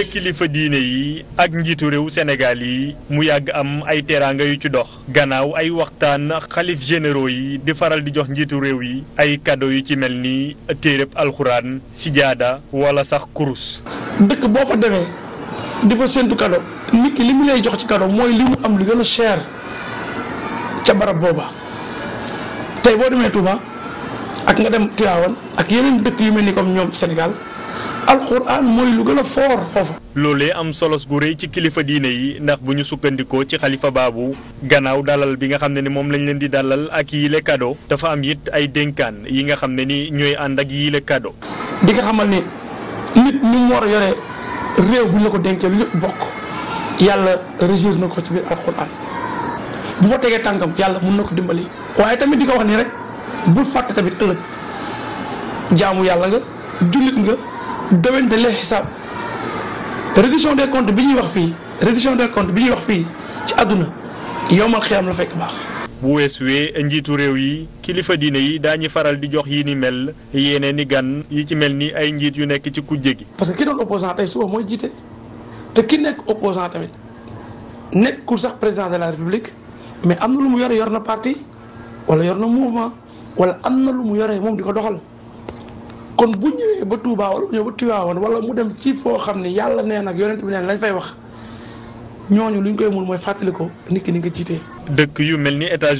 diggante kilifa diine yi ak njiitu réew Sénégal yi mu yàgg am ay teraanga yu ci dox gannaaw ay waxtaan xalif généraux yi di faral di jox njiitu réew yi ay kado yu ci mel ni téereb alxuraan sijaada wala sax kurus. dëkk boo fa demee di fa séntu cadeau nit ki li mu lay jox ci cadeau mooy li mu am lu gën a ca barab booba tey boo demee Touba ak nga dem Tivaouane ak yeneen dëkk yu mel ni comme ñoom Sénégal alxuraan mooy lu gën a foor foofa. loolee am solos gu rëy ci kilifa diine yi ndax bu ñu sukkandikoo ci xalifa baabu gannaaw dalal bi nga xam ne ni moom lañ leen di dalal ak yile kado dafa am yit ay dénkaan yi nga xam ne ni ñooy ànd ak yile kado. di nga xamal ni nit ñi mu war yore réew bu ñu la ko dénkee lu lépp bokk yàlla régir na ko ci biir alxuraan bu fa tegee tànkam yàlla mun na ko dimbali waaye tamit di ko bul fàtte tamit ëllëg jaamu yàlla nga jullit nga dawente lee xisaab reddition de comptes bi ñuy wax fii reddition des comptes bi ñuy wax fii ci àdduna yowmal xiyaam la fekk baax. bu weesuwee njiitu réew yi kilifa diine yi daañu faral di jox yi ni mel yeneen ni gan yi ci mel ni ay njiit yu nekk ci kujje gi. parce que ki doon opposant tey suba mooy jiite te ki nekk opposant tamit nekkul sax président de la république mais am na lu mu yor yor na parti wala yor na mouvement. wala am na lu mu yoree moom di ko doxal kon bu ñëwee ba Touba wala bu wala mu dem ci foo xam ne yàlla nee nag yonent bi neen lañ fay wax ñooñu lu ñu koy mun mooy fàttali ko nit ki ni nga jiitee dëkk yu mel ni états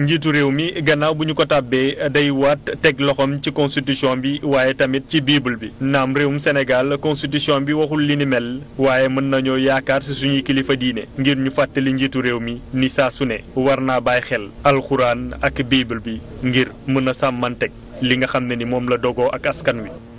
njiitu réew mi gannaaw bu ñu ko tàbbee day waat teg loxoom ci constitution bi waaye tamit ci bible bi naam réewum Sénégal constitution bi waxul li ni mel waaye mën nañoo yaakaar si suñuy kilifa diine ngir ñu fàttali njiitu réew mi ni saa sune war naa bàyyi xel alxuraan ak bible bi ngir mën a sàmmanteeg li nga xam ne ni moom la dogoo ak askan wi.